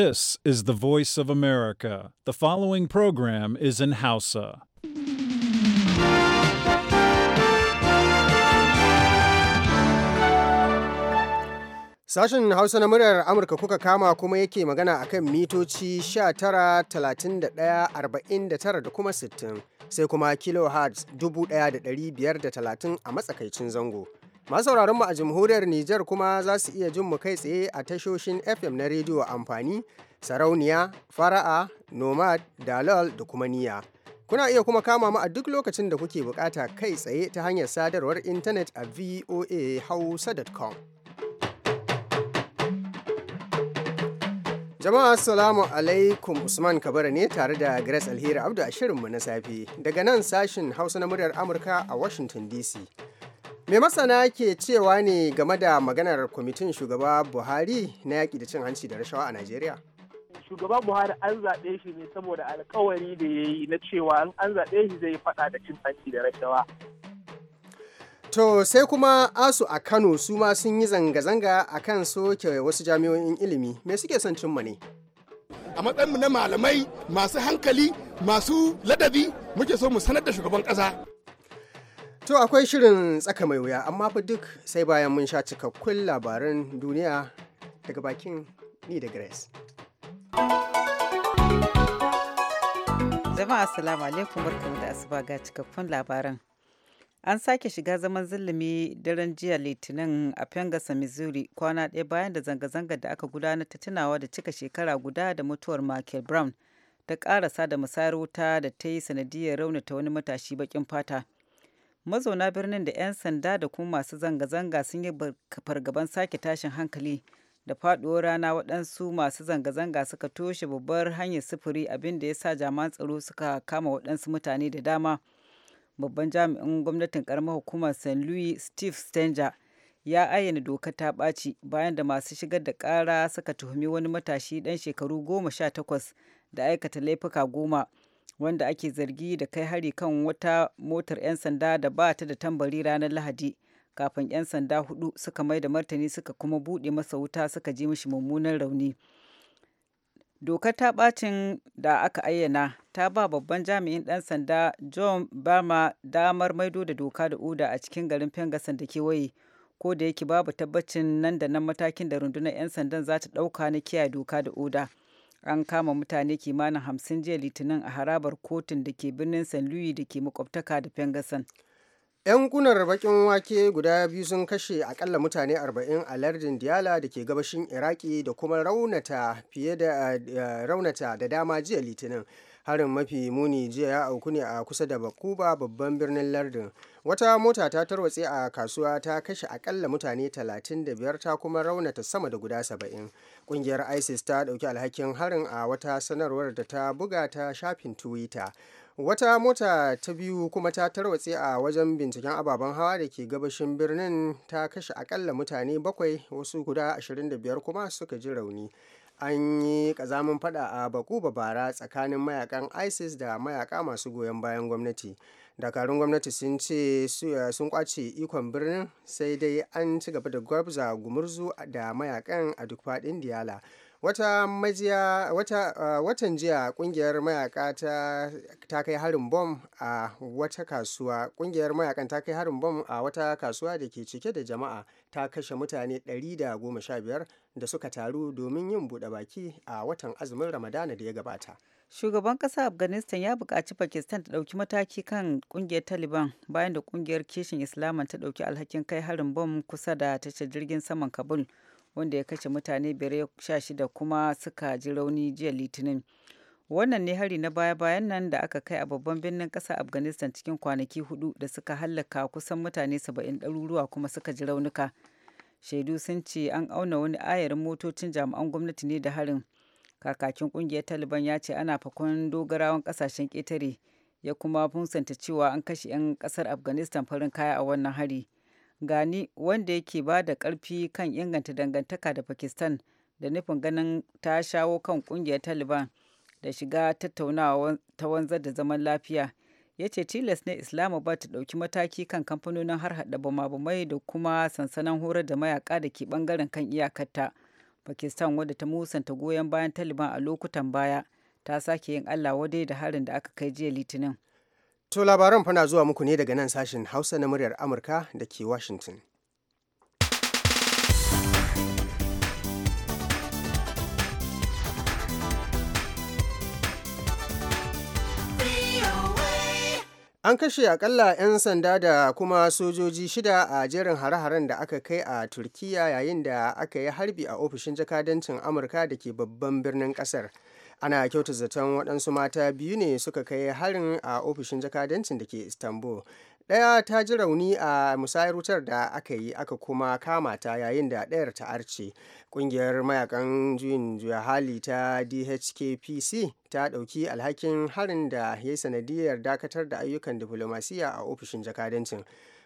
This is the voice of America. The following program is in Hausa. Sashen Hausa na muryar Amurka kuka kama kuma yake magana akan mitoci sha tara 49 da kuma 60 sai kuma kilohertz 1530 a matsakaicin zango. sauraron mu a jamhuriyar Nijar kuma za su iya jin mu kai tsaye a tashoshin FM na rediyo amfani, sarauniya, fara'a, nomad, dalal da kuma niya. Kuna iya kuma kama mu a duk lokacin da kuke bukata kai tsaye ta hanyar sadarwar intanet a voahausa.com. Jama'a Assalamu alaikum Usman Kabara ne tare da Grace Alheri Abdu a shirinmu na safe daga nan sashin Hausa na muryar Amurka a Washington DC. Me masana ke cewa ne game da maganar kwamitin shugaba Buhari na yaƙi da cin hanci da rashawa a Najeriya? Shugaba Buhari an zaɓe shi ne saboda alkawari da ya yi na cewa an zaɓe shi zai faɗa da cin hanci da rashawa. To sai kuma asu a Kano su ma sun yi zanga-zanga a kan soke wasu jami'o'in ilimi. Me suke son cimma ne? A matsayinmu na malamai masu hankali masu ladabi muke so mu sanar da shugaban ƙasa. To akwai shirin tsaka mai wuya amma fa duk sai bayan mun sha cikakkun labaran duniya daga bakin ni da Grace. Jama'a assalamu alaikum barkamu da asuba ga cikakkun labaran. An sake shiga zaman zulumi daren jiya Litinin a Pengasa, Missouri kwana ɗaya bayan da zanga-zangar da aka gudanar ta tunawa da cika shekara guda da mutuwar Michael Brown ta ƙarasa da musayar wuta da ta yi sanadiyar raunata wani matashi bakin fata. mazauna birnin da 'yan sanda da kuma masu zanga-zanga sun yi fargaban sake tashin hankali da faduwar rana waɗansu masu zanga-zanga suka toshe babbar hanyar sufuri abinda ya sa jaman tsaro suka kama waɗansu mutane da dama babban jami'in gwamnatin karamar hukumar st louis steve stenger ya ayyana dokar ta ɓaci bayan da masu shigar da ƙara suka tuhumi wani matashi ɗan shekaru goma sha takwas da aikata laifuka goma wanda ake zargi da kai hari kan wata motar 'yan sanda da ba ta da tambari ranar lahadi kafin 'yan sanda hudu suka mai da martani suka kuma buɗe masa wuta suka ji mishi mummunan rauni dokar ta bacin da aka ayyana ta ba babban jami'in ɗan sanda john bama damar maido da doka da oda a cikin garin fengasan da kewaye ko da yake babu tabbacin nan da nan matakin da rundunar 'yan sandan za ta ɗauka na kiyaye doka da oda an kama mutane kimanin hamsin jiya litinin a harabar kotun da ke birnin san louis da ke makwabtaka da fengasan yan kunar bakin wake guda biyu sun kashe akalla mutane 40 a lardin diyala da ke gabashin iraki da kuma raunata fiye eh, raunata da dama jiya litinin harin mafi muni jiya ya auku ne a kusa da bakuba babban birnin lardin wata mota ta tarwatse a kasuwa ta kashe akalla mutane 35 ta kuma raunata sama da guda 70 kungiyar isis ta dauki alhakin harin a wata sanarwar da ta buga ta shafin twitter wata mota ta biyu kuma ta tarwatse a wajen binciken ababen hawa da ke gabashin birnin ta kashe akalla mutane bakwai wasu guda 25 kuma suka ji rauni an yi kazamin fada a bakuba bara tsakanin mayakan isis da mayaka masu goyon bayan gwamnati dakarun gwamnati sun ce sun kwace ikon birnin sai dai an ci gaba da gwabza gumurzu da mayakan a duk fadin diyala wata watan jiya kungiyar mayaka ta kai harin bom a wata kasuwa kungiyar mayakan ta kai harin bom a wata kasuwa da ke cike da jama'a ta kashe mutane 115 da suka taru domin yin buɗe baki a watan azumin ramadana da ya gabata shugaban ƙasa afghanistan ya buƙaci pakistan ta ɗauki mataki kan ƙungiyar taliban bayan da ƙungiyar kishin islaman ta ɗauki alhakin kai harin bom kusa da tashar jirgin saman kabul wanda ya kashe mutane biyar 16 kuma suka ji rauni jiya litinin wannan ne hari na baya-bayan nan da aka kai a babban birnin ƙasar afghanistan cikin kwanaki hudu da suka hallaka kusan mutane 70 ɗaruruwa kuma suka ji raunuka shaidu sun ce an auna wani ayarin motocin jami'an gwamnati ne da harin kakakin ƙungiyar taliban ya ce ana fakon dogarawan kasashen ƙetare ya kuma funsanta cewa an kashe 'yan ƙasar afghanistan farin kaya a wannan hari gani wanda yake ba da ƙarfi kan inganta dangantaka da pakistan da nufin ganin ta shawo kan ƙungiyar taliban da shiga tattaunawa ta wanzar da zaman lafiya ya ce tilas ne islamabad ta ɗauki mataki kan kamfanonin har hada bama-bamai da kuma sansanan horar da mayaka da ke bangaren kan iyakarta pakistan wadda ta musanta goyon bayan taliban a lokutan baya ta sake yin allah wadai da harin da aka kai jiya litinin to labaran fana zuwa muku ne daga nan sashen hausa na muryar amurka da ke washington An kashe akalla 'yan sanda da kuma sojoji shida a jerin hare-haren da aka kai a turkiya yayin da aka yi harbi a ofishin jakadancin Amurka da ke babban birnin kasar. ana kyauta zaton waɗansu mata biyu ne suka kai harin a ofishin jakadancin da ke istanbul daya ta ji rauni a musayar wutar da aka yi aka kuma kama ta yayin da ɗayar ta arce kungiyar mayakan juyin juya hali ta dhkpc ta ɗauki alhakin harin da ya yi sanadiyar dakatar da ayyukan diflomasiya a ofishin jakadancin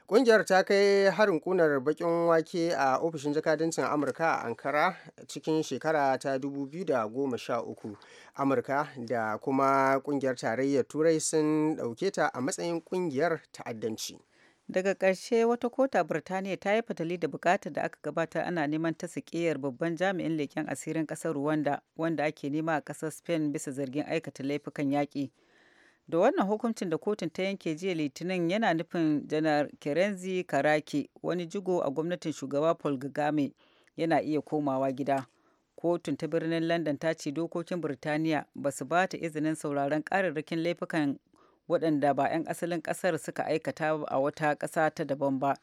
Ƙungiyar ta kai harin kunar bakin wake a ofishin jakadancin Amurka a Ankara cikin shekara ta 2013. Amurka da kuma ƙungiyar tarayyar Turai sun ɗauke ta a matsayin ƙungiyar ta'addanci. daga ƙarshe wata kota birtaniya ta yi fatali da bukatar da aka gabatar ana neman ta sikiyar babban jami'in leken asirin ƙasar rwanda wanda ake nema a ƙasar spain bisa zargin aikata laifukan yaƙi da wannan hukuncin da kotun ta yanke jiya litinin yana nufin janar kerenzi karaki wani jigo a gwamnatin shugaba paul gagame yana iya komawa gida kotun ta birnin london ta ce dokokin birtaniya ba su ba ta izinin sauraron kararrakin laifukan waɗanda ba 'yan asalin ƙasar suka aikata a wata ƙasa ta daban ba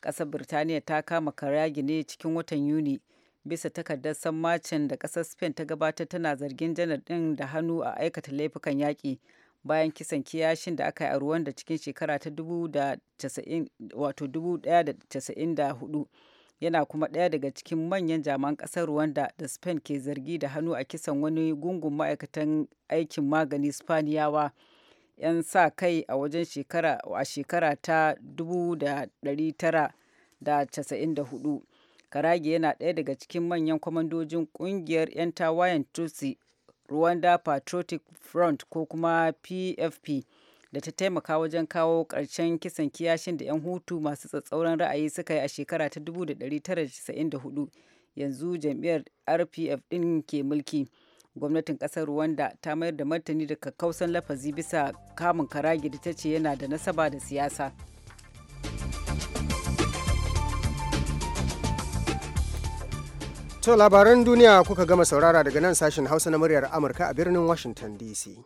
ƙasar birtaniya ta kama karagi ne cikin watan yuni bisa takardar san macin da ƙasar spain ta gabatar tana zargin janar ɗin da hannu a aikata laifukan yaƙi bayan kisan kiyashin da aka yi a Rwanda cikin shekara ta 1994 yana kuma ɗaya daga cikin manyan jaman ƙasar Rwanda da Spain ke zargi da hannu a kisan wani gungun ma'aikatan aikin magani Spaniyawa 'yan sa kai a wajen shekara a shekara ta 1994. Karage yana ɗaya daga cikin manyan kwamandojin ƙungiyar 'yan tawayen Tutsi rwanda patriotic front ko kuma pfp da ta taimaka wajen kawo ƙarshen kisan kiyashin da 'yan hutu masu tsatsauran ra'ayi suka yi a shekara ta 1994 yanzu jam'iyyar rpf ɗin ke mulki gwamnatin ƙasar rwanda ta mayar da martani da kakkausan lafazi bisa kamun karagi da ta ce yana da nasaba da siyasa. To labaran duniya kuka gama saurara daga nan sashen Hausa na muryar Amurka a birnin Washington DC.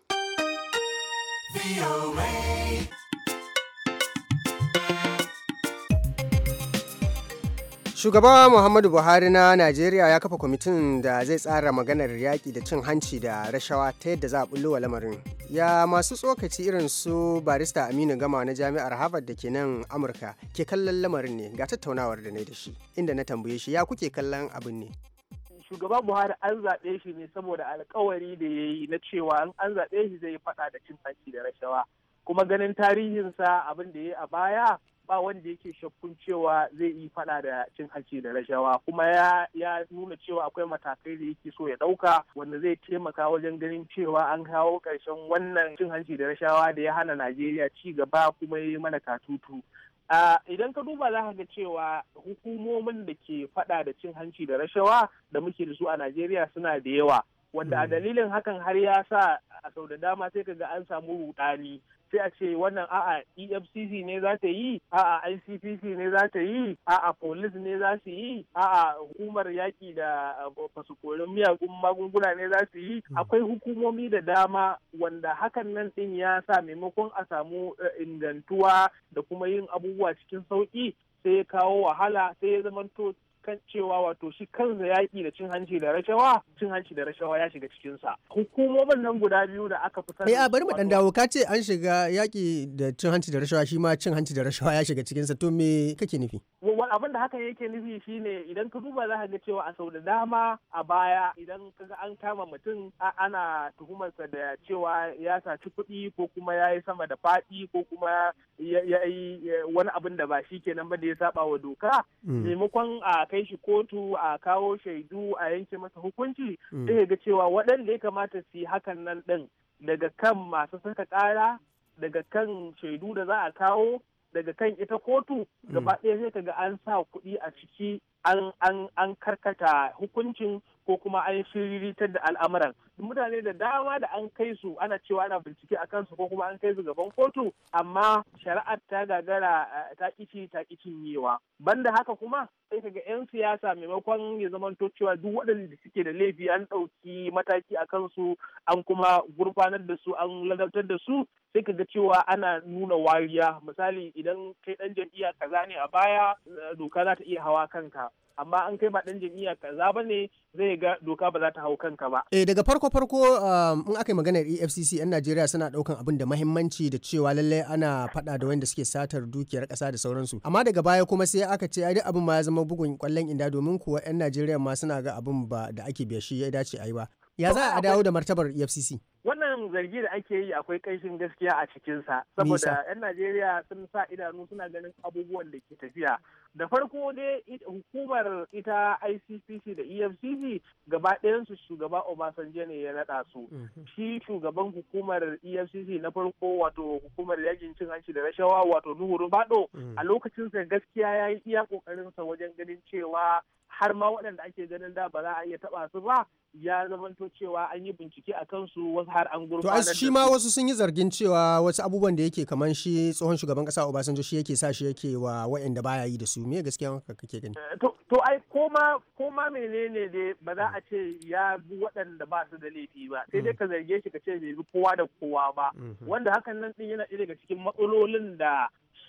shugaba muhammadu buhari na najeriya ya kafa kwamitin da zai tsara maganar yaƙi da cin hanci da rashawa ta yadda za a bullo wa lamarin ya masu tsokaci irin su barista aminu gama na jami'ar harvard da ke nan amurka ke kallon lamarin ne ga tattaunawar da na da shi inda na tambaye shi ya kuke kallon abin ne shugaba buhari an zaɓe shi ne saboda alkawari da ya yi na cewa an zaɓe shi zai faɗa da cin hanci da rashawa kuma ganin tarihinsa abin da ya yi a baya ba wanda yake shakkun cewa zai yi fada da cin hanci da rashawa kuma ya nuna cewa akwai matakai da yake so ya dauka wanda zai taimaka wajen ganin cewa an kawo karshen wannan cin hanci da rashawa da ya hana Najeriya ci gaba kuma ya yi mana katutu idan ka duba za ga cewa hukumomin da ke fada da cin hanci da rashawa da muke da su a Najeriya suna da yawa wanda a hmm. dalilin hakan har ya sa a sau da dama sai ka ga an samu rudani sai a ce wannan a'a efcc ne za ta yi a'a icpc ne za ta yi a'a police ne za su yi a'a hukumar yaƙi da fasukorin miyagun magunguna ne za su yi hmm. akwai hukumomi da dama wanda hakan nan din ya sa maimakon a samu eh, ingantuwa da kuma yin abubuwa cikin sauƙi sai ya kawo wahala sai ya zamanto kan cewa wato shi kansa yaƙi da cin hanci da rashawa cin hanci da rashawa ya shiga cikinsa hukumomin nan guda biyu da aka fitar a bari mu dan dawo ka ce an shiga yaƙi da cin hanci da rashawa shi ma cin hanci da rashawa ya shiga cikinsa to me kake nufi abin da hakan yake nufi shine idan ka duba za ka ga cewa a sau da dama a baya idan ka ga an kama mutum ana tuhumarsa da cewa ya saci kuɗi ko kuma ya yi sama da faɗi ko kuma ya yi wani abin da ba shi kenan ba da ya saba wa doka mm. maimakon a kai shi kotu a kawo shaidu a yanke masa hukunci mm. sai ga cewa waɗanda ya kamata su yi hakan nan ɗin daga kan masu saka ƙara daga kan shaidu da za a kawo daga kan ita kotu mm. gaba ɗaya sai ka ga an sa kuɗi a ciki an karkata hukuncin ko kuma an shiriritar da al'amuran mutane da dama da an kai su ana cewa ana bincike a kansu ko kuma an kai su gaban kotu amma shari'ar ta gagara eh, ta kici ta kicin yewa banda haka kuma sai ka ga yan siyasa maimakon ya zamanto cewa duk waɗanda suke da laifi an ɗauki mataki a kansu an kuma gurfanar da su an ladabtar da su sai ka ga cewa ana nuna wariya misali idan kai ɗan jam'iyya kaza ne a baya eh, doka za ta iya hawa kanka amma an kai ma ɗan jam'iyya kaza ba ne zai ga doka ba za ta hau kanka ba. Eh daga farko farko um, in aka yi maganar EFCC yan Najeriya suna daukan abin da mahimmanci da cewa lallai ana faɗa da wanda suke satar dukiyar ƙasa da sauransu. Amma daga baya kuma sai aka ce ai duk abin ma ya zama bugun kwallon inda domin kuwa yan Najeriya ma suna ga abin ba da ake biya shi ya dace a yi ba. ya za a dawo da martabar efcc wannan zargi da ake yi akwai ƙanshin gaskiya a cikinsa saboda 'yan najeriya sun sa idanu suna ganin abubuwan da ke tafiya da farko dai hukumar ita iccc da efcc gaba ɗayansu shugaba obasanjo ne ya naɗa su mhm. shi shugaban hukumar efcc na farko wato hukumar yakin cin hanci da rashawa wato nuhu rubado mhm. a lokacinsa gaskiya ya yi iya ƙoƙarinsa wajen ganin cewa har ma waɗanda ake ganin da ba za a iya taɓa su ba ya zamanto cewa an yi bincike a kansu wasu har an gurfanar to shi ma wasu sun yi zargin cewa wasu abubuwan da yake kaman shi tsohon shugaban kasa Obasanjo shi yake sa shi yake wa waɗanda baya yi da su me gaskiya haka kake gani eh, to ai koma koma menene ne ba za a ce ya bi waɗanda ba su da laifi ba sai dai mm. ka zarge shi ka ce bai bi kowa da kowa ba mm-hmm. wanda hakan nan din yana ɗaya daga cikin matsalolin da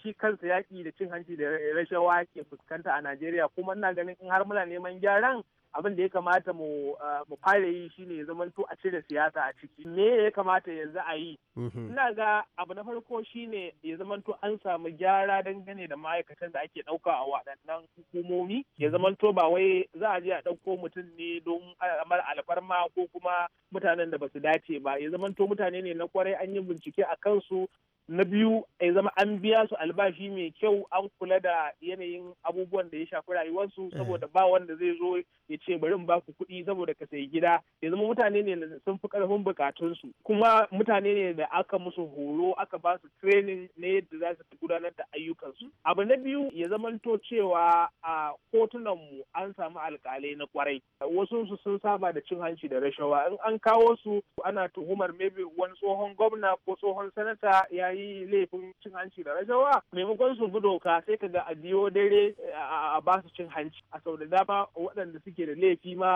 shi kansa yaƙi da cin hanci da rashawa ke fuskanta a Najeriya kuma ina ganin in har muna neman gyaran abin da ya kamata mu ah, fara yi shine ya zamanto a cire siyasa a ciki me ya kamata yanzu a yi mm-hmm. ina ga abu na farko shine ya zamanto an samu gyara dangane da ma'aikatan da ake ɗauka a waɗannan hukumomi ya mm-hmm. zamanto ba wai za a je a ɗauko mutum ne don mara alfarma ko kuma mutanen da ba su dace ba ya zamanto mutane ne na kwarai an yi bincike a kansu na biyu ya zama an biya su albashi mai kyau an kula da yanayin abubuwan da ya shafi rayuwarsu eh. saboda ba wanda zai zo ya ce bari in baku kuɗi saboda ka sayi gida ya zama mutane ne da sun fi ƙarfin bukatunsu kuma mutane ne da aka musu horo aka ba su training na yadda za su gudanar da ayyukansu abu na biyu ya zamanto cewa a kotunan mu an samu alƙalai na kwarai wasu su sun saba da cin hanci da rashawa in an kawo su ana tuhumar maybe wani tsohon gwamna ko tsohon sanata ya yi yi laifin cin hanci da rashawa maimakon su bi doka sai ka ga a biyo dare a ba su cin hanci a sau da dama waɗanda suke da laifi ma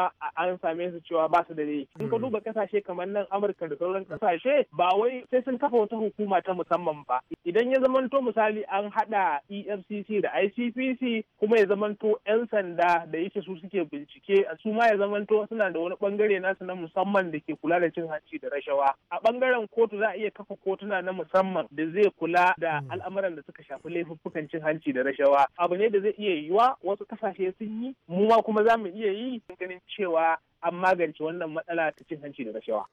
an same su cewa ba su da laifi in ka hmm. duba kasashe kamar nan amurka da sauran kasashe ba wai sai sun kafa wata hukuma ta musamman ba idan ya zamanto misali an haɗa efcc da icpc kuma ya zamanto 'yan sanda da yake su suke bincike su ma ya zamanto suna da wani bangare nasu na musamman da ke kula da cin hanci da rashawa a bangaren kotu za a iya kafa kotuna na musamman da zai kula da hmm. al'amuran da suka shafi laifuffukan cin hanci da rashawa abu ne da zai iya yiwa wasu kasashe sun yi mu ma kuma za mu iya yi ganin cewa an magance wannan matsala ta cin hanci da rashawa.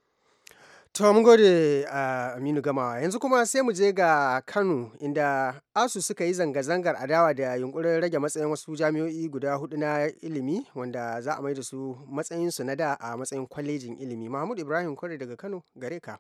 To mun gode a ah, Aminu Gamawa yanzu kuma sai mu je ga Kano inda ASU suka yi zanga-zangar adawa da yunkurin rage matsayin wasu jami'o'i guda hudu na ilimi wanda za a mai da su matsayinsu na da a matsayin kwalejin ilimi. Mahmud Ibrahim kore daga Kano gare ka.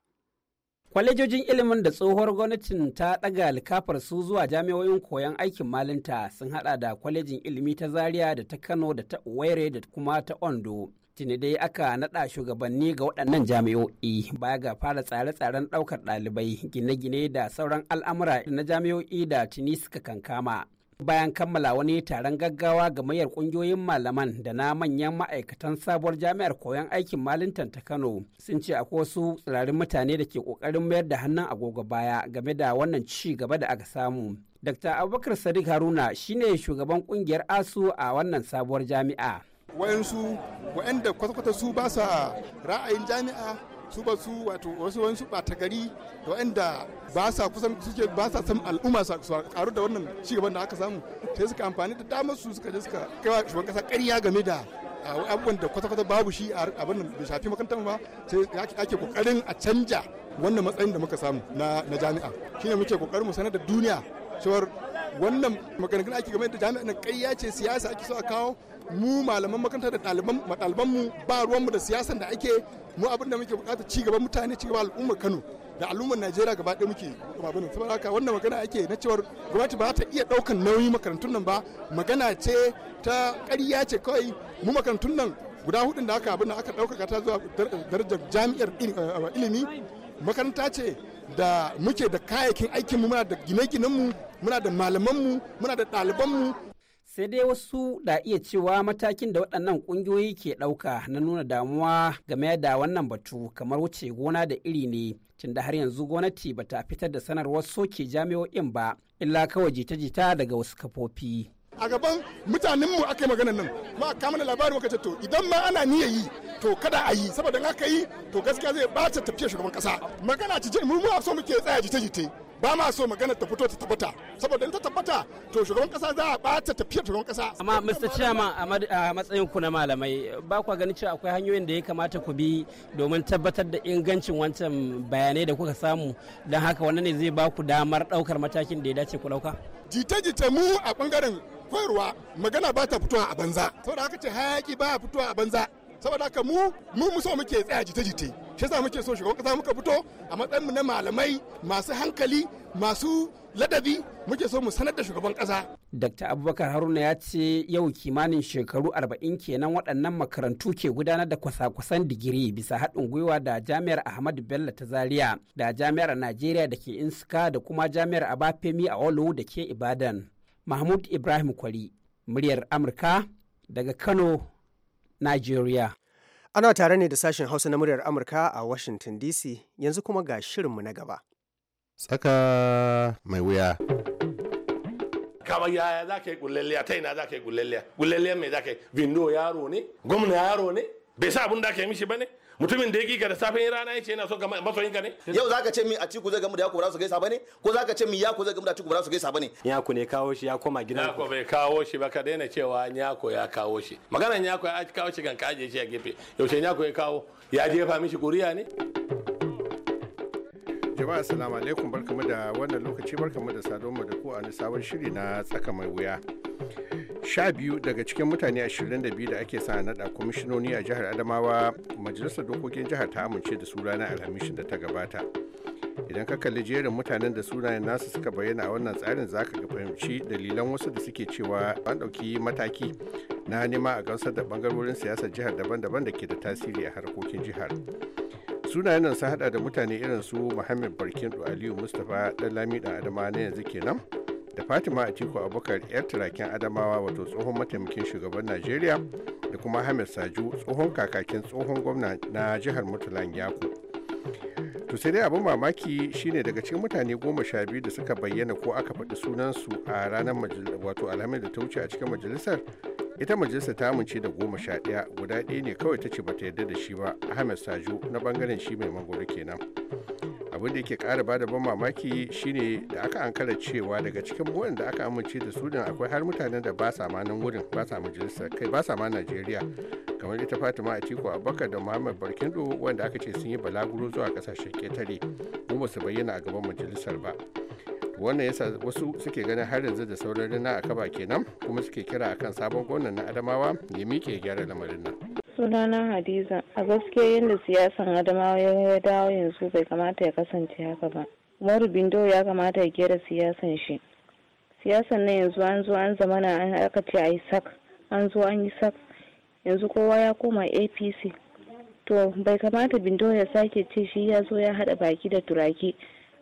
Kwalejojin ilimin da tsohuwar gwamnatin ta ɗaga likafar su zuwa jami'o'in koyon aikin malinta sun haɗa da kwalejin ilimi ta Zaria da ta Kano da ta Uwaire da kuma ta Ondo. Tuni dai aka naɗa shugabanni ga waɗannan jami'o'i baya ga fara tsare-tsaren ɗaukar ɗalibai gine-gine da sauran al'amura na jami'o'i da tuni suka kankama. bayan kammala wani taron gaggawa ga mayar kungiyoyin malaman da na manyan ma'aikatan sabuwar jami'ar koyon aikin malintan ta kano sun ce akwai wasu tsirarin mutane da ke kokarin mayar da hannun agogo baya game da wannan ci gaba da aka samu dr abubakar sadiq haruna shine shugaban kungiyar asu a wannan sabuwar jami'a wayansu wayanda kwata-kwata su ba sa ra'ayin jami'a su ba su wato wasu wasu ɓata gari da wanda ba sa kusan suke ba sa san al'umma su karu da wannan cigaban da aka samu sai suka amfani da damar su suka je suka kai shugaban kasa ƙarya game da abubuwan da kwata-kwata babu shi a abin da bai shafi makarantar ba sai ake kokarin a canja wannan matsayin da muka samu na jami'a shine muke kokarin mu sanar da duniya cewar wannan maganganun ake game da jami'a na ƙarya ce siyasa ake so a kawo mu malaman makaranta da ɗaliban mu ba ruwanmu da siyasan da ake mu abin da muke bukata ci gaban mutane ci gaban al'ummar Kano da al'ummar Najeriya gaba ɗaya muke babin saboda haka wannan magana ake na cewar gwamnati ba ta iya ɗaukan nauyi makarantun nan ba magana ce ta ƙarya ce kawai mu makarantun nan guda hudun da aka abin da aka dauka ta zuwa darajar jami'ar eh, eh, ilimi makaranta ce da muke da kayayyakin aikin mu muna da gine ginen mu muna da mu muna da ɗaliban mu sai dai wasu da iya cewa matakin da waɗannan ƙungiyoyi ke ɗauka na nuna damuwa game da wannan batu kamar wuce gona da iri ne tun da har yanzu gwamnati ba ta fitar da sanarwar soke jami'o'in ba illa kawai jita-jita daga wasu kafofi a gaban mutanen mu aka yi maganar nan ma ka mana labarin muka to idan ma ana niyya yi to kada a yi saboda in aka yi to gaskiya zai bata tafiyar shugaban kasa magana ci mu mu so muke tsaya jita-jita ba ma so magana ta fito ta tabbata saboda in ta tabbata to shugaban kasa za a bata tafiyar shugaban kasa amma Mr. Chairman a matsayin ku na malamai ba ku ganin cewa akwai hanyoyin da ya kamata ku bi domin tabbatar da ingancin wancan bayanai da kuka samu don haka wannan ne zai ba ku damar daukar matakin da ya dace ku dauka jita-jita mu a bangaren koyarwa magana ba ta fitowa a banza saboda haka ce hayaki ba a fitowa a banza saboda haka mu mu so muke tsaya jita-jita shi yasa muke so shugaban kasa muka fito a matsayin mu na malamai masu hankali masu ladabi muke so mu sanar da shugaban kasa Dr. Abubakar Haruna ya ce yau kimanin shekaru arba'in kenan waɗannan makarantu ke gudanar da kwasa-kwasan digiri bisa haɗin gwiwa da Jami'ar Ahmadu Bello ta Zaria da Jami'ar Najeriya da ke Inska da kuma Jami'ar Abafemi a Olu da ke Ibadan. Mahmud Ibrahim Kwari, muryar Amurka daga Kano, nigeria. Ana tare ne da sashen Hausa na muryar Amurka a Washington DC yanzu kuma ga shirinmu na gaba. Tsaka mai wuya. kamar yaya za ka yi gullalliya ta ina za ka yi gullalliya gullalliya mai za ka yi vindo yaro ne gwamna yaro ne bai sa abin da ka yi mishi ba ne mutumin da ya kika da safin rana ya ce yana so ga masoyin ka ne yau zaka ce mi a ciku zai gamu da yaku ba za su gaisa bane ko zaka ce mi yaku zai gamu da ciku ba za su gaisa bane yaku ne kawo shi ya koma gidan yaku bai kawo shi ba ka daina cewa yaku ya kawo shi maganar yako ya kawo shi kan kaje shi a gefe yaushe yako ya kawo ya jefa mishi kuriya ne jama'a assalamu alaikum barkamu da wannan lokaci barkamu da saduwa da ku a sabon shiri na tsaka mai wuya biyu daga cikin mutane 22 da ake sa nada kwamishinoni a jihar adamawa majalisar dokokin jihar ta amince da su ranar alhamishin da ta gabata idan ka kalli jerin mutanen da sunayen nasu suka bayyana a wannan tsarin za ka fahimci dalilan wasu da suke cewa an ɗauki mataki na nema a gamsar da bangarorin siyasar jihar daban-daban da ke da tasiri a harkokin jihar sunayen nan sun hada da mutane irin su muhammad barkin aliyu mustapha dan lami dan adama na yanzu kenan da fatima atiku abubakar yar turaken adamawa wato tsohon mataimakin shugaban najeriya da kuma ahmed saju tsohon kakakin tsohon gwamna na jihar murtalan yaku to sai dai abin mamaki shine daga cikin mutane goma sha biyu da suka bayyana ko aka faɗi sunansu a ranar wato alhamis da ta wuce a cikin majalisar ita majalisar ta amince da goma sha ɗaya guda ɗaya ne kawai ta ce bata yarda da shi ba ahmed saju na bangaren shi mai mangoro kenan abin da yake kara bada ban mamaki shine da aka ankala cewa daga cikin buwan da aka amince da su din akwai har mutanen da ba sa ma nan wurin ba sa majalisar kai ba sa ma najeriya kamar ita fatima atiku abubakar da muhammad barkindo wanda aka ce sun yi balaguro zuwa kasashen ketare kuma su bayyana a gaban majalisar ba wannan yasa wasu suke ganin har yanzu da sauran rina a kaba kenan kuma suke kira akan sabon gwamnan na adamawa ya miƙe gyara lamarin nan sunana hadiza a gaskiya yadda siyasan adamawa ya dawo yanzu bai kamata ya kasance haka ba umaru bindo ya kamata ya gera siyasan shi siyasan na yanzu an zo an zamana an aka ce isaac an zo an yi sak yanzu kowa ya koma apc to bai kamata bindo ya sake ce shi ya zo ya haɗa baki da turaki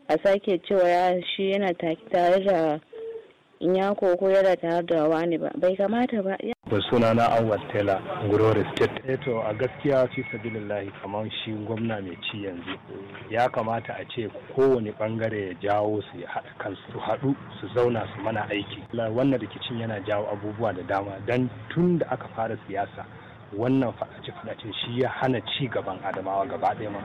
a sake cewa ya shi yana tare da inyako ko yana tare da wani ba bai kamata ba ba suna na anwar tela gurore state eto eh a gaskiya fi sabilillahi kamar shi gwamna mai ci yanzu ya kamata a ce kowane bangare ya jawo su haɗa kansu su haɗu su zauna su mana aiki wannan rikicin yana jawo abubuwa da dama dan tun da aka fara siyasa wannan faɗace-faɗace shi ya hana ci gaban adamawa gaba ɗaya ma.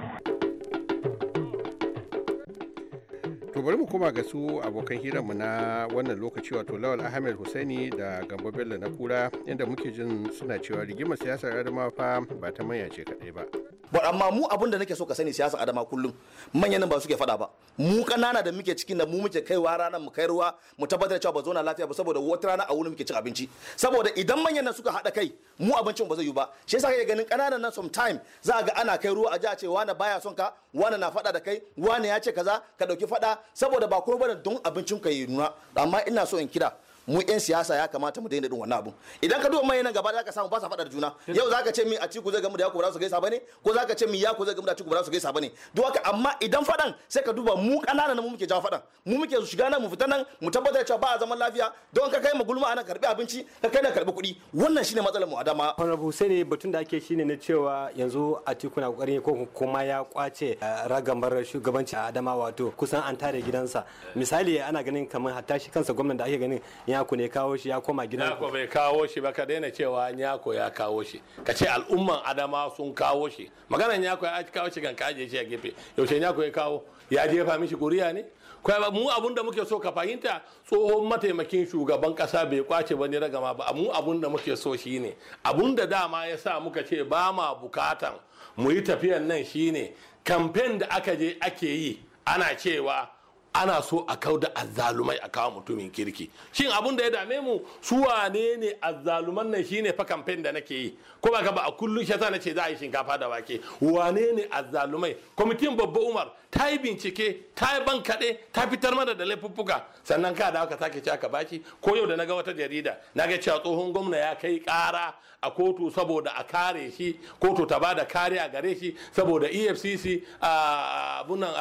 to bari mu koma ga su abokan mu na wannan lokaci wato lawal ahmed husaini da gambo bello na kura inda muke jin suna cewa rigimar siyasar adamawa fa ba ta manya ce kadai ba but amma mu abin da nake so ka sani siyasa adama kullum manyan nan ba suke faɗa ba mu kanana da muke cikin da mu muke kaiwa ranar mu kai ruwa mu tabbatar cewa ba zo na lafiya ba saboda wata rana a wurin muke cin abinci saboda idan manyan nan suka haɗa kai mu abincin ba zai yi ba shi yasa kake ganin kananan nan sometime za ga ana kai ruwa a ji a ce wani baya son ka wani na fada da kai wani ya ce kaza ka dauki faɗa saboda ba kuma bane don abincin ka yi nuna amma ina so in kira mu yan siyasa ya kamata mu daina din wannan abu idan ka duba mai nan da zaka samu ba sa fadar juna yau zaka ce mi a ciku zai gamu da yaku ba za su gaisa bane ko zaka ce mi ku zai gamu da ciku ba za su gaisa bane duk haka amma idan faɗan sai ka duba mu kanana mu muke jawo fadan mu muke shiga nan mu fita nan mu tabbatar cewa ba a zaman lafiya don ka kai mu gulma ana karbi abinci ka kai na karbi kuɗi wannan shine matsalar mu adama. dama honorable Hussein batun da ake shine na cewa yanzu a ciku na kokarin ko kuma ya kwace eh, ragamar shugabanci a Adama wato kusan an tare gidansa misali ana ganin kamar hatta shi kansa gwamnati da ake ganin nyako ne kawo shi ya koma gidan nyako bai kawo shi ba ka daina cewa nyako ya kawo shi ka ce al'umman adama sun kawo shi magana nyako ya kawo shi kan kaje shi a gefe yaushe nyako ya kawo ya jefa mishi kuriya ne kai mu abun muke so ka fahimta tsohon mataimakin shugaban kasa bai kwace wani ragama ba mu abun muke so shine abun da dama ya sa muka ce ba ma bukatan mu yi tafiyan nan shine kamfen da aka je ake yi ana cewa ana so a kau da azzalumai a kawo mutumin kirki shin abun da ya dame mu su wane ne azzaluman nan shine fa kamfen da nake yi ko ba ba a kullum shi ce za a yi shinkafa da wake wane ne azzalumai kwamitin babba umar ta yi bincike ta yi ban kaɗe ta fitar mana da laifuffuka sannan ka dawo ka sake ci aka shi? ko yau da na ga wata jarida Na ga cewa tsohon gwamna ya kai ƙara a kotu saboda a kare shi kotu ta bada kariya gare shi saboda efcc a bunan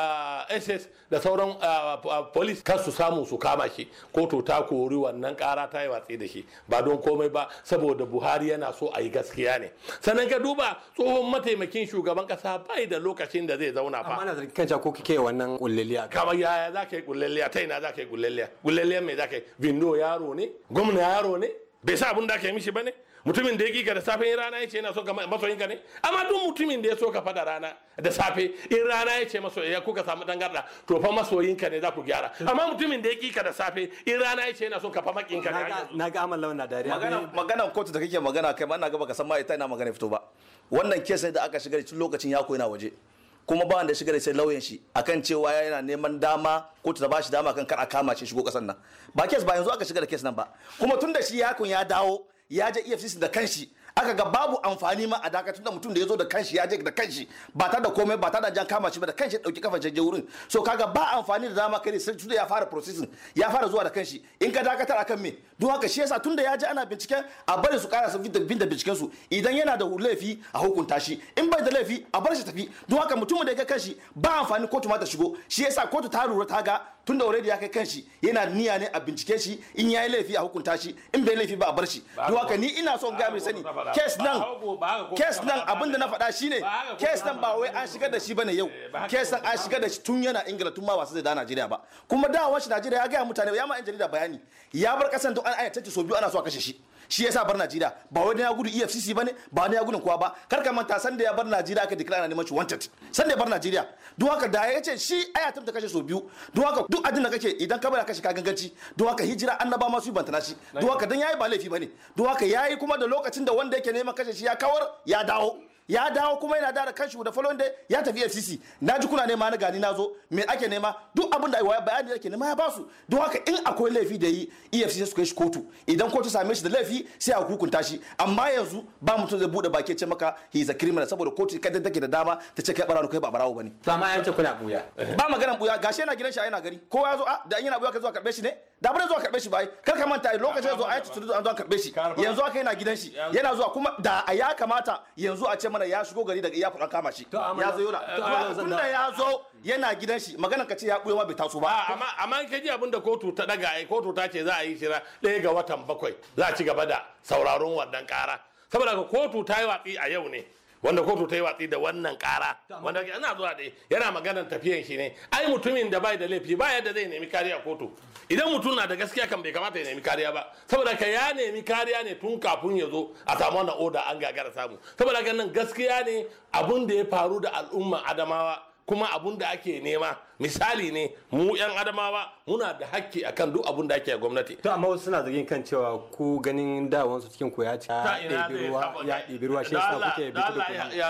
ss da sauran polis kan su samu su kama shi kotu ta kori wannan kara ta yi watsi da shi ba don komai ba saboda buhari yana so a yi gaskiya ne sannan ka duba tsohon mataimakin shugaban kasa bai da lokacin da zai zauna fa amma zargin kanka ko kike wannan kullaliya kamar yaya za ka yi kullaliya ta ina za ka yi kullaliya kullaliya mai za ka yi bindo yaro ne gwamna yaro ne bai sa abin da ka yi mishi ba ne mutumin da ya kika da safe in rana ya ce yana so ka masoyin ka ne amma duk mutumin da ya so ka fada rana da safe in rana ya ce ya kuka samu dangarda to fa masoyin ka ne za ku gyara amma mutumin da ya kika da safe in rana ya ce yana so ka fa makin ka ne na ga amal launa dariya magana magana kotu da kake magana kai ba ina ga baka san ma ita ina magana fito ba wannan kesa da aka shiga cikin lokacin ya koyi na waje kuma ba wanda shiga da sai lauyan shi akan cewa yana neman dama ko ta bashi dama kan kar a kama shi shigo kasan nan ba kes ba yanzu aka shiga da kes nan ba kuma tun da shi yakun ya dawo ya je efcc da kanshi aka ga babu amfani ma a dakatar da mutum da ya zo da kanshi ya je da kanshi ba ta da komai ba ta da jan kama shi ba da kanshi dauki kafa je wurin so kaga ba amfani da dama kai sai tunda ya fara processing ya fara zuwa da kanshi in ka dakatar akan me don haka shi yasa tunda ya je ana bincike a bari su kara sabbin bin da binciken su idan yana da laifi a hukunta shi in bai da laifi a bar shi tafi don haka mutumin da ya ga kanshi ba amfani kotu ma ta shigo shi yasa kotu ta lura ta ga tun da already ya kai kanshi yana niyya ne a bincike shi in yayi laifi a hukunta shi in bai laifi ba a bar shi to haka ni ina son ga mai sani case nan case nan da na faɗa shine case nan ba wai an shigar da shi bane yau case eh, nan an shigar da shi tun yana Ingila tun ma wasu zai da Najeriya ba kuma da shi Najeriya ya ga mutane ya ma yan jarida bayani ya bar kasan duk an ayyata so biyu ana so a kashe shi shi ya sa bar Najeriya ba wani ya gudu EFCC ba ne ba wani ya gudun kowa ba kar ka manta san ya bar Najeriya aka declare ne shi wanted san da ya bar Najeriya don haka da ya ce shi aya ta kashe so biyu don haka duk ajin da kake idan ka bada kashe ka ganganci don haka hijira annaba ma su bantana shi don haka dan yayi ba laifi bane don haka yayi kuma da lokacin da wanda yake neman kashe shi ya kawar ya dawo ya dawo kuma yana da kanshi da following day ya tafi FCC na ji kuna nema na gani na zo me ake nema duk abin da bayani da ke nema ya basu don haka in akwai laifi da yi EFCC su kai shi kotu idan kotu same shi da laifi sai a hukunta shi amma yanzu ba mutum zai bude baki ce maka he is a criminal saboda kotu kada take da dama ta ce kai barawo kai ba barawo bane to amma yace kuna buya ba magana buya gashi yana gidan shi yana gari ko ya zo a ah, da yana buya ka zo ka karbe shi ne da bane zuwa karbe shi bai kar ka manta lokacin da zo a yi tudu an zo karbe shi yanzu aka yana gidan shi yana zuwa kuma da a ya kamata yanzu a ce mana mana ya shigo gari daga iyafur an kama shi ya zo yana eh, tunda eh, ya zo yana gidan shi magana ka ce ya buya ma bai taso ba ah, amma amma ka ji abin da kotu ta daga ai kotu ta ce za a yi shira ɗaya ga watan bakwai za a ci gaba da sauraron wannan ƙara saboda ka kotu ta yi watsi a yau ne wanda kotu ta yi watsi da wannan kara wanda ana zuwa da yana maganar tafiyan shi ne ai mutumin da bai da laifi ba yadda zai nemi kariya kotu idan mutum na da gaskiya kan bai kamata ya nemi kariya ba saboda ka ya nemi kariya ne tun kafin ya zo a samu wannan oda an gagara samu saboda ganin gaskiya ne abun da ya faru da al'umma adamawa kuma abun da ake nema misali ne mu yan adamawa muna da hakki akan duk abun da ake gwamnati to amma wasu suna zargin kan cewa ku ganin dawon su cikin koya ci ya ɗebi shi yasa kuke bi da ya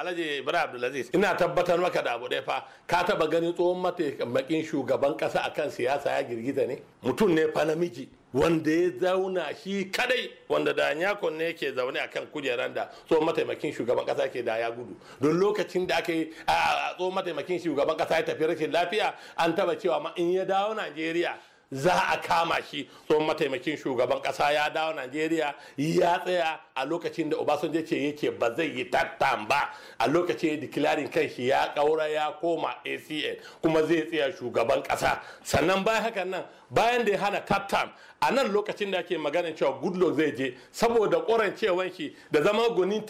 alhaji ibrahim abdulaziz ina tabbatar maka da abu ɗaya fa ka taba ganin tsohon mataimakin shugaban ƙasa akan siyasa ya girgiza ne mutum ne fa namiji wanda ya zauna shi kadai wanda da nyakon ne yake zaune a kan kujeran da tso mataimakin shugaban kasa ke da ya gudu don lokacin da aka yi a tso mataimakin shugaban kasa ya tafi rashin lafiya an taba cewa ma in ya dawo najeriya za a kama shi tsohon mataimakin shugaban kasa ya dawo najeriya ya tsaya a lokacin da obasanjo ce yake ba zai yi tattan ba a lokacin ya kan shi ya kaura ya koma acn kuma zai tsaya shugaban kasa sannan bayan hakan nan bayan da ya hana cut a nan lokacin da ake maganin cewa goodluck zai je saboda ƙorancewan shi da zama gonin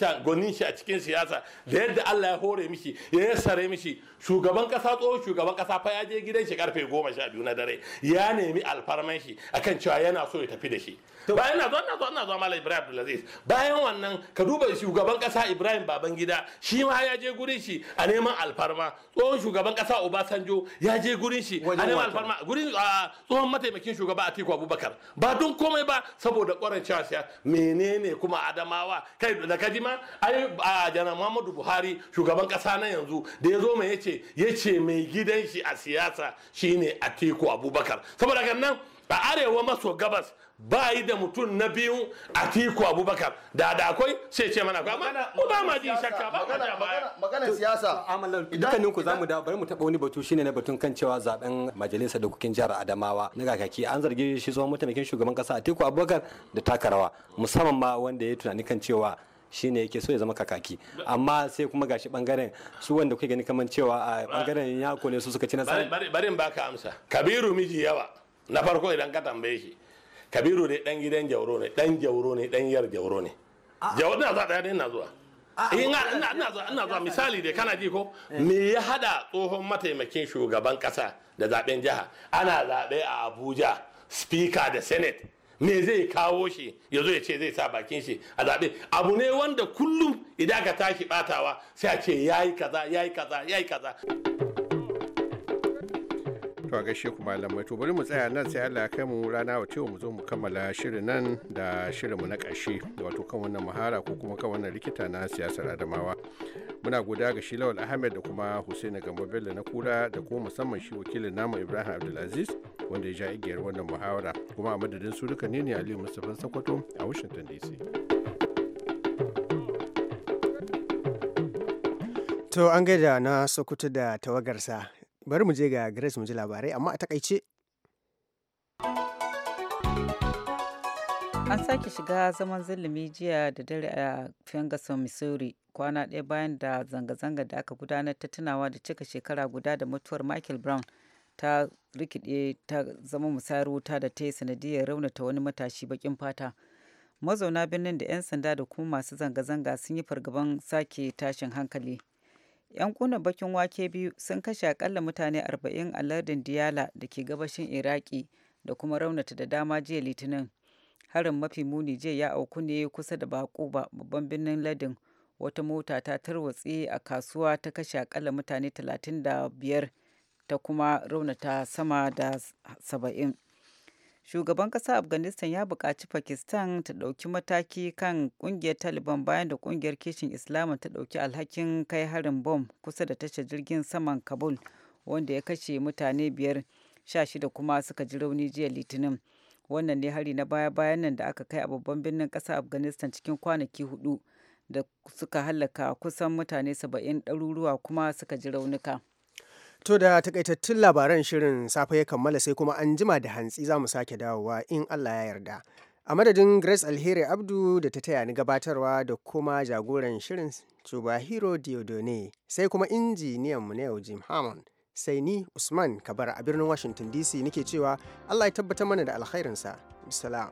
shi a cikin siyasa da yadda allah ya hore mishi ya yassare mishi shugaban ƙasa tsohon shugaban ƙasa fa ya je gidan shi karfe goma sha biyu na dare ya nemi alfarman shi akan cewa yana so ya tafi da shi bayan na zo na zo na zo malam ibrahim abdulaziz bayan wannan ka duba shugaban ƙasa ibrahim babangida shi ma ya je gurin shi a neman alfarma tsohon shugaban ƙasa obasanjo ya je gurin shi a neman alfarma gurin ah, tsohon mataimakin shugaba Atiku Abubakar ba don komai ba saboda ƙwarar cewa menene kuma Adamawa kai da kaji ma ai a janar Muhammadu Buhari shugaban ƙasa na yanzu da ya zo mai yace yace mai gidan shi a siyasa shine Atiku Abubakar saboda kan nan a arewa maso gabas ba yi da mutum na biyu a tiku abubakar da da akwai sai ce mana kwa amma ko ba ma ji shakka ba ma ba baya magana siyasa dukkanin ku zamu da bari mu taba wani batu shine na batun kan cewa zaben majalisar dokokin jihar Adamawa na kakaki an zargi shi zuwa mataimakin shugaban kasa a tiku abubakar da takarawa musamman ma wanda ya tunani kan cewa shine yake so ya zama kakaki amma sai kuma gashi bangaren su wanda kuke gani kaman cewa a bangaren yako ne su suka ci nasara bari baka amsa kabiru miji yawa na farko idan ka tambaye shi kabiru ne dan gidan jauro ne dan jauro ne dan yar jauro ne jauro na za daya ina zuwa eh, ina ina zuwa ina zuwa misali dai kana ji ko eh. me ya hada tsohon mataimakin shugaban kasa da zaben jiha ana zabe a Abuja speaker da senate me zai kawo shi ya zo ya ce zai sa bakin shi a zaɓe abu ne wanda kullum idan ka tashi batawa sai a ce yayi kaza yayi kaza yayi kaza To a gaishe ku malamai to bari mu tsaya nan sai Allah ya kai mu rana wa mu zo mu kammala shirin nan da shirin mu na ƙarshe wato kan wannan mahara ko kuma kan wannan likita na siyasar Adamawa. Muna goda ga shi Lawal Ahmed da kuma Hussein Gambo Bello na kura da kuma musamman shi wakilin namu Ibrahim Abdulaziz wanda ya ja igiyar wannan muhawara kuma a madadin su duka ne ne Aliyu Mustafa Sokoto a Washington DC. To an gaida na Sokoto da tawagarsa bari mu je ga Grace mu ji labarai amma a takaice. An sake shiga zaman zulumi jiya da dare a Ferguson, Missouri, kwana ɗaya bayan da zanga-zanga da aka gudanar ta tunawa da cika shekara guda da mutuwar Michael Brown ta rikide ta zama musayar wuta da ta yi sanadiyar raunata wani matashi bakin fata. Mazauna birnin da 'yan sanda da kuma masu zanga-zanga sun yi fargaban sake tashin hankali. 'yan kuna bakin wake biyu sun kashe akalla mutane 40 a lardin diyala da ke gabashin iraki da kuma raunata da dama jiya litinin harin mafi muni jiya ya auku ne kusa da bakuba babban birnin lardin wata mota ta tarwatse a kasuwa ta kashe akalla mutane 35 ta kuma raunata sama da 70 shugaban ƙasar afghanistan ya buƙaci pakistan ta ɗauki mataki kan ƙungiyar taliban bayan da ƙungiyar kishin islamu ta ɗauki alhakin kai harin bom kusa da tashar jirgin saman kabul wanda ya kashe mutane biyar sha shida kuma suka ji rauni jiya litinin wannan ne hari na baya-bayan nan da aka kai a babban birnin ƙasa afghanistan cikin kwanaki hudu da suka hallaka kusan mutane saba'in ɗaruruwa kuma suka ji raunuka To da takaitattun labaran shirin safe ya kammala sai kuma an jima da hantsi za mu sake dawowa in Allah ya yarda. A madadin Grace Alheri Abdu da ta taya ni gabatarwa da kuma jagoran shirin Chubahiro Diodone sai kuma injiniyan mu na yau Jim Hammond. Sai ni Usman Kabar a birnin Washington DC nake cewa Allah ya tabbatar mana da alkhairinsa. Bisalam.